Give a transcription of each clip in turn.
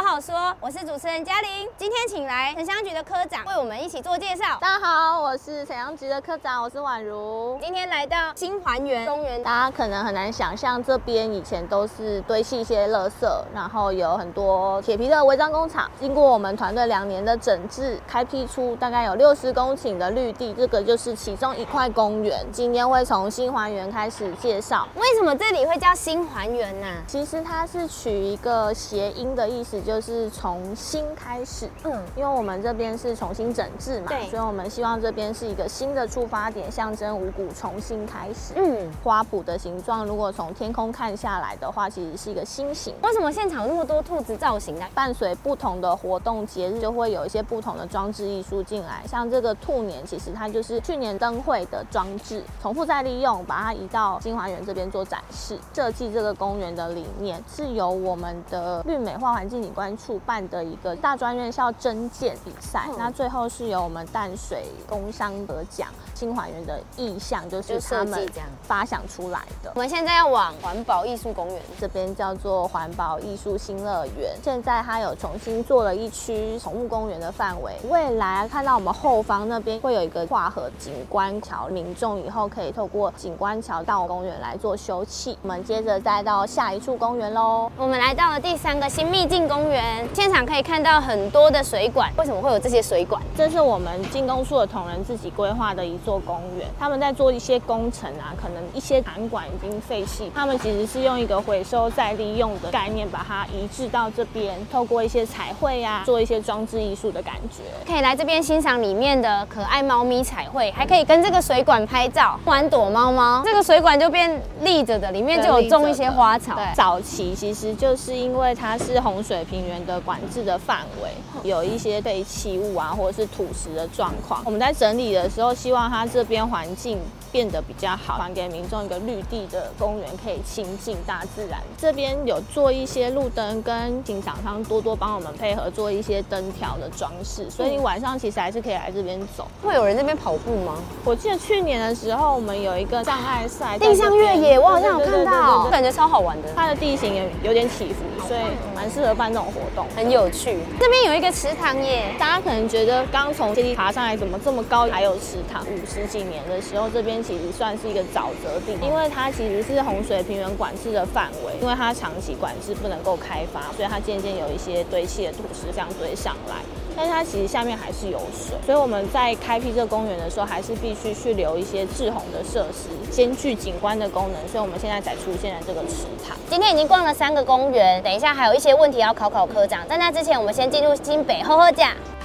好好說，我是主持人嘉玲，今天請來城鄉局的科長為我們一起做介紹。大家好，我是城鄉局的科長，我是宛如。今天來到新還原公園，大家可能很難想象，這邊以前都是堆砌一些垃圾，然後有很多鐵皮的違章工廠。經過我們團隊兩年的整治，開闢出大概有六十公頃的綠地，這個就是其中一塊公園。今天會從新還原開始介紹，為什麼這裡會叫新還原呢？其實它是取一個諧音的意思。就是從新開始，嗯，因為我們這邊是重新整治嘛，對所以我們希望這邊是一個新的出發點，象徵五股重新開始。嗯，花圃的形狀如果從天空看下來的話，其實是一個心形。為什麼現場那麼多兔子造型呢？伴隨不同的活動節日，就會有一些不同的裝置藝術進來。像這個兔年，其實它就是去年燈會的裝置，重複再利用，把它移到金華園這邊做展示。設計這個公園的理念是由我們的綠美化環境里關處辦的一個大專院校徵件比賽，那最後是由我們淡水工商得獎，新華園的意象就是他們發想出來的。我們現在要往環保藝術公園這邊，叫做環保藝術新樂園。現在它有重新做了一區寵物公園的範圍，未來看到我們後方那邊會有一個跨河景觀橋，民眾以後可以透過景觀橋到公園來做休憩。我們接着再到下一處公園嘍，我們來到了第三個新秘境公園現場可以看到很多的水管，為什麼會有這些水管？這是我們景觀處的同仁自己規劃的一座公園，他們在做一些工程啊，可能一些涵管已經廢棄，他們其實是用一個回收再利用的概念，把它移植到這邊，透過一些彩繪啊，做一些裝置藝術的感覺，可以來這邊欣賞裡面的可愛貓咪彩繪，還可以跟這個水管拍照，玩躲貓貓，這個水管就變立着的，裡面就有種一些花草。對對早期其實就是因為它是洪水平。人員的管制的範圍有一些被棄物啊，或者是土石的狀況。我們在整理的時候，希望它，這邊環境變得比較好，還給民眾一個綠地的公園，可以親近大自然。這邊有做一些路燈，跟廠商他們多多幫我們配合做一些燈條的裝飾，所以你晚上其實還是可以來這邊走。會有人在那邊跑步嗎？我記得去年的時候，我們有一個障礙賽定向越野，我好像有看到，我感覺超好玩的。它的地形也有點起伏，所以蠻適合辦這種活動，很有趣。這邊有一個池塘耶，大家可能覺得剛從階梯爬上來，怎麼這麼高還有池塘？五十幾年的時候，這邊其實算是一個沼澤地，因為它其實是洪水平原管制的範圍，因為它長期管制不能夠開發，所以它漸漸有一些堆砌的土石這樣堆上來。但是它其實下面還是有水，所以我們在開闢這個公園的時候，還是必須去留一些滯洪的設施，兼具景觀的功能。所以我們現在才出現了這個池塘。今天已經逛了三個公園，等一下還有一些問題要考考科長。在那之前，我們先進入新北厚厚呷。喝喝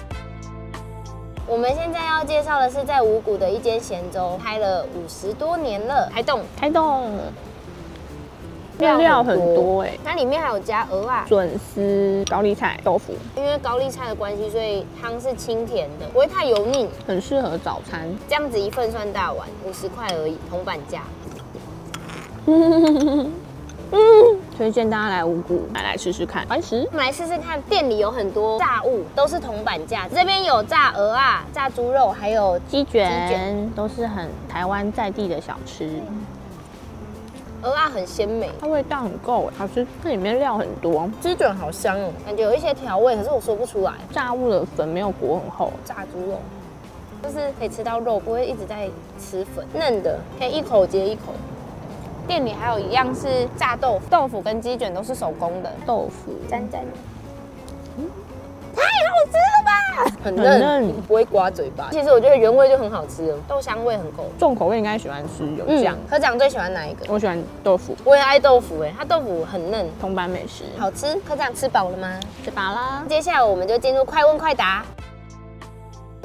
我們現在要介紹的是在五股的一間鹹粥，開了五十多年了。開動，開動，料、料很多哎！它、欸、裡面還有加蚵仔、筍絲、高麗菜、豆腐。因為高麗菜的關係，所以湯是清甜的，不會太油膩，很適合早餐。這樣子一份算大碗，五十塊而已，銅板價。 嗯，推薦大家來五股買來試試看。黃石，我們來試試看。店裡有很多炸物，都是銅板價。這邊有炸蚵仔、炸豬肉，還有雞卷，雞卷都是很台灣在地的小吃。蚵仔很鮮美，它味道很夠，好吃。它裡面料很多，雞卷好香哦，感覺有一些調味，可是我說不出來。炸物的粉沒有裹很厚，炸豬肉就是可以吃到肉，不會一直在吃粉，嫩的，可以一口接一口。店裡還有一樣是炸豆腐，豆腐跟雞捲都是手工的。豆腐沾沾，嗯，太好吃了吧！很嫩，不會刮嘴巴。其實我覺得原味就很好吃了，豆香味很夠。重口味應該喜歡吃有醬。科長最喜歡哪一個？我喜歡豆腐，我也愛豆腐哎，它豆腐很嫩。銅板美食，好吃。科長吃飽了嗎？吃飽啦。接下來我們就進入快問快答。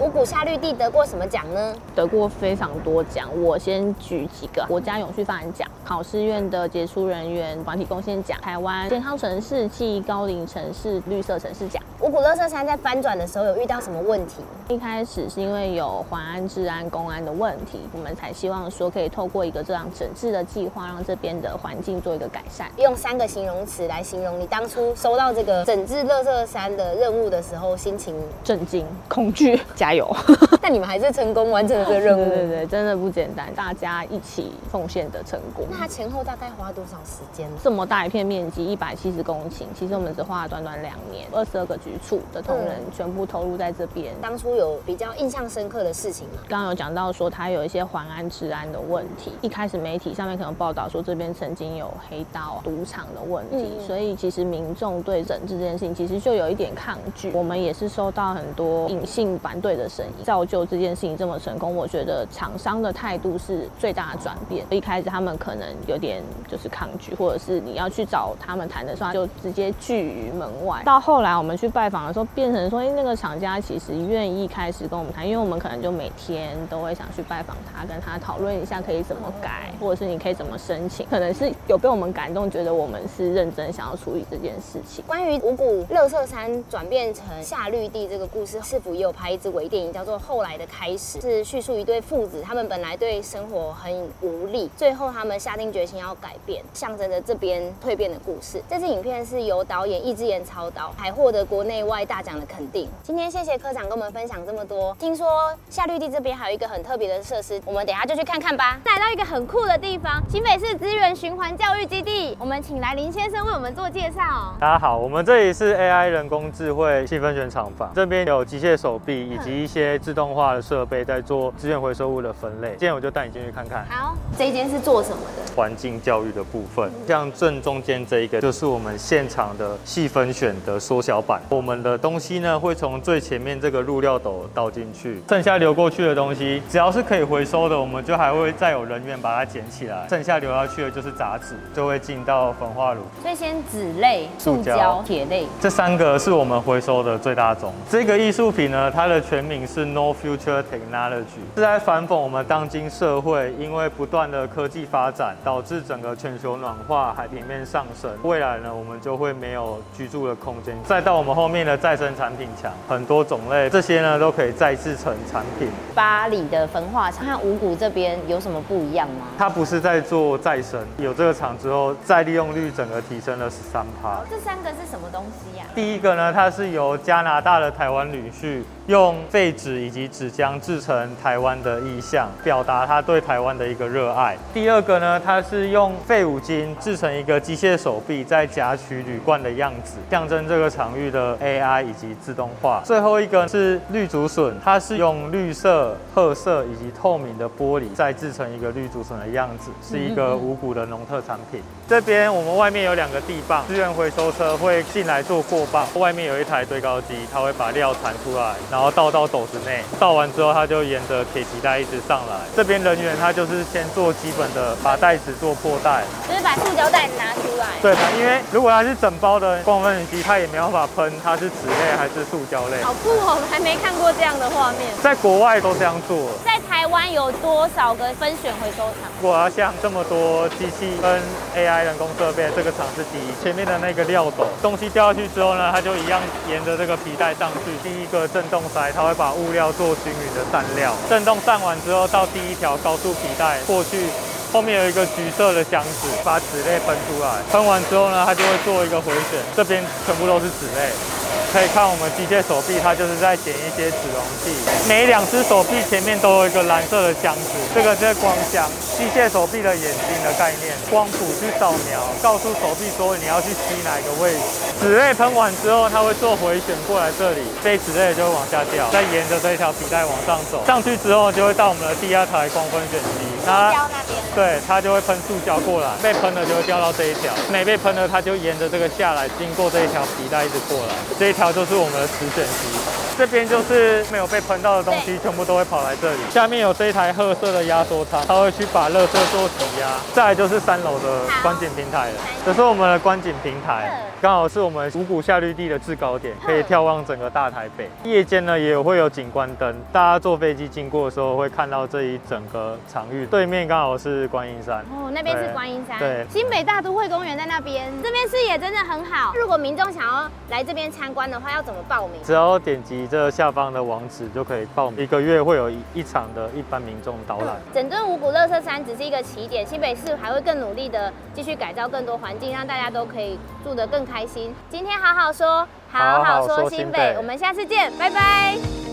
五股夏綠地得過什麼獎呢？得過非常多獎，我先舉幾個：國家永續發展獎、考試院的傑出人員團體貢獻獎、台灣健康城市暨高齡城市綠色城市獎。五股垃圾山在翻轉的時候有遇到什麼問題？一開始是因為有環安治安公安的問題，我們才希望說可以透過一個這樣整治的計劃，讓這邊的環境做一個改善。用三個形容詞來形容你當初收到這個整治垃圾山的任務的時候，心情震驚驚、恐懼懼、加油。 但你們還是成功完成了這個任務，對對對，真的不簡單，大家一起奉獻的成果。那它前後大概花多少時間？這麼大一片面積一百七十公頃，其實我們只花了短短兩年，二十二個。局處的同仁全部投入在這邊、嗯。當初有比較印象深刻的事情嗎？剛剛有講到說他有一些環安治安的問題。一開始媒體上面可能報道說這邊曾經有黑道賭場的問題，嗯、所以其實民眾對整治這件事情其實就有一點抗拒。我們也是收到很多隱性反對的聲音，造就這件事情這麼成功。我覺得廠商的態度是最大的轉變。一開始他們可能有點就是抗拒，或者是你要去找他們談的時候，就直接拒於門外。到後來我們去。拜訪的時候變成說，哎，那個廠家其實願意開始跟我們談，因為我們可能就每天都會想去拜訪他，跟他討論一下可以怎麼改，或者是你可以怎麼申請，可能是有被我們感動，覺得我們是認真想要處理這件事情。關於五股垃圾山轉變成夏綠地這個故事，是否也有拍一支微電影，叫做《後來的開始》，是敘述一對父子，他們本來對生活很無力，最後他們下定決心要改變，象徵着這邊蛻變的故事。這支影片是由導演易智言操刀，還獲得國。內外大獎的肯定。今天謝謝科長跟我們分享這麼多。聽說夏綠地這邊還有一個很特別的設施，我們等一下就去看看吧。來到一個很酷的地方——新北市資源循環教育基地。我們請來林先生為我們做介紹哦。大家好，我們這裡是 AI 人工智慧細分選廠房，這邊有機械手臂以及一些自動化的設備在做資源回收物的分類。今天我就帶你進去看看。好，這一間是做什麼的？環境教育的部分。像正中間這一個，就是我們現場的細分選的縮小版。我們的東西呢，會從最前面這個入料斗倒進去，剩下流過去的東西，只要是可以回收的，我們就還會再有人員把它撿起來。剩下流下去的就是雜質，就會進到焚化爐。所以先紙類、塑膠、鐵類這三個是我們回收的最大宗。這個藝術品呢，它的全名是 No Future Technology，是在反諷我們當今社會因為不斷的科技發展，導致整個全球暖化、海平面上升，未來呢，我們就會沒有居住的空間。再到我們後。方面的再生產品牆很多種類，這些呢都可以再制成產品。巴黎的焚化廠和五股這邊有什麼不一樣嗎？它不是在做再生，有這個廠之後，再利用率整個提升了13%。這三個是什麼東西呀、啊？第一個呢，它是由加拿大的台灣女婿用廢紙以及紙漿制成台灣的意象，表達他對台灣的一個熱愛。第二個呢，它是用廢五金制成一個機械手臂在夾取鋁罐的樣子，象徵這個場域的。AI 以及自動化，最後一個是綠竹筍，它是用綠色、褐色以及透明的玻璃再製成一個綠竹筍的樣子，是一個五股的農特產品。這邊我們外面有兩個地磅，資源回收車會進來做過磅。外面有一台堆高機，它會把料鏟出來，然後倒到斗子內，倒完之後它就沿着鐵皮帶一直上來。這邊人員他就是先做基本的，把袋子做破袋，就是把塑膠袋子拿出來。對吧，因為如果它是整包的，光分揀機它也沒有辦法噴。它是紙類還是塑膠類？好酷哦、喔，我們還沒看過這樣的畫面。在國外都這樣做。在台灣有多少個分選回收廠？我要像這麼多機器跟 AI 人工設備，這個廠是第一。前面的那個料斗，東西掉下去之後呢，它就一樣沿着這個皮帶上去。第一個震動篩，它會把物料做均勻的散料。震動散完之後，到第一條高速皮帶過去，後面有一個橘色的箱子，把紙類噴出來。噴完之後呢，它就會做一個回選。這邊全部都是紙類。可以看我們機械手臂，它就是在撿一些紙容器。每兩只手臂前面都有一個藍色的箱子，這個是光箱，機械手臂的眼睛的概念，光譜去掃描，告訴手臂說你要去吸哪個位置。紙類噴完之後，它會做回旋過來這裡，非紙類就會往下掉，再沿着這條皮帶往上走，上去之後就會到我們的第二台光分選機。它，那邊對，它就會噴塑膠過來，被噴了就會掉到這一條，沒被噴了，它就沿着這個下來，經過這一條皮帶一直過來，這一條就是我們的磁選機。這邊就是沒有被噴到的東西，對 全部都會跑來這裡。下面有這一台褐色的壓縮艙，它會去把垃圾做擠壓。再來就是三樓的觀景平台了。這是我們的觀景平台，剛好是我們五股夏綠地的制高點，可以眺望整個大台北。夜間呢，也會有景觀燈，大家坐飛機經過的時候會看到這一整個場域。對面剛好是觀音山哦，那邊是觀音山。對，新北大都會公園在那邊，這邊視野真的很好。如果民眾想要來這邊參觀的話，要怎麼報名？只要點擊。這下方的網址就可以報名，一個月會有一一場的一般民眾導覽。嗯，整頓五股垃圾山只是一個起點，新北市還會更努力的繼續改造更多環境，讓大家都可以住得更開心。今天好好說，好好,好說,好好說新北，新北我們下次見，拜拜。